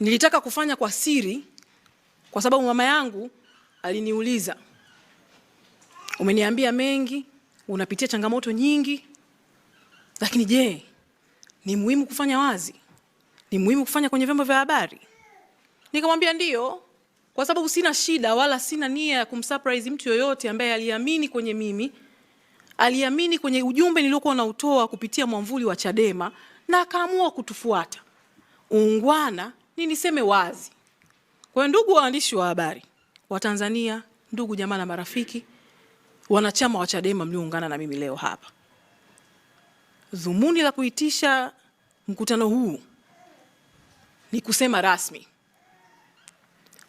Nilitaka kufanya kwa siri kwa sababu mama yangu aliniuliza, umeniambia mengi, unapitia changamoto nyingi, lakini je, ni muhimu kufanya wazi? Ni muhimu kufanya kwenye vyombo vya habari? Nikamwambia ndiyo, kwa sababu sina shida wala sina nia ya kumsurprise mtu yoyote ambaye aliamini kwenye mimi, aliamini kwenye ujumbe niliokuwa nautoa kupitia mwamvuli wa Chadema na akaamua kutufuata. Uungwana ni niseme wazi kwa ndugu waandishi wa habari wa Tanzania, ndugu jamaa na marafiki, wanachama wa Chadema mlioungana na mimi leo hapa, dhumuni la kuitisha mkutano huu ni kusema rasmi,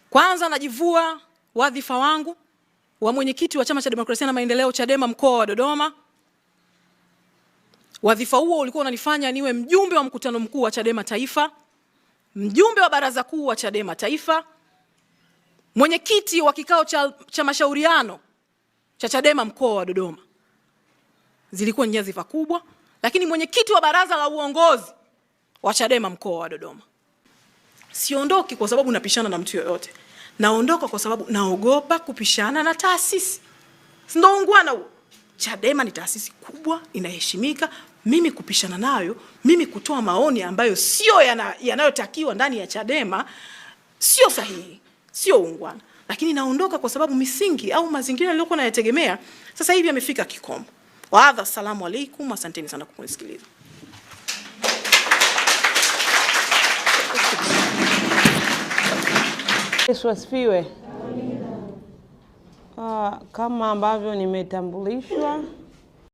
kwanza najivua wadhifa wangu wa mwenyekiti wa Chama cha Demokrasia na Maendeleo Chadema mkoa wa Dodoma. Wadhifa huo ulikuwa unanifanya niwe mjumbe wa mkutano mkuu wa Chadema taifa mjumbe wa baraza kuu wa Chadema Taifa, mwenyekiti wa kikao cha, cha mashauriano cha Chadema mkoa wa Dodoma. Zilikuwa nyadhifa kubwa, lakini mwenyekiti wa baraza la uongozi wa Chadema mkoa wa Dodoma. Siondoki kwa sababu napishana na mtu yoyote, naondoka kwa sababu naogopa kupishana na taasisi. Si ndio ungwana huo? Chadema ni taasisi kubwa, inaheshimika mimi kupishana nayo, mimi kutoa maoni ambayo sio yanayotakiwa yana ndani ya Chadema sio sahihi, sio ungwana, lakini naondoka kwa sababu misingi au mazingira niliyokuwa nayategemea sasa hivi yamefika kikomo. Waadha, asalamu alaikum, asanteni sana kwa kunisikiliza. Yesu asifiwe. Uh, kama ambavyo nimetambulishwa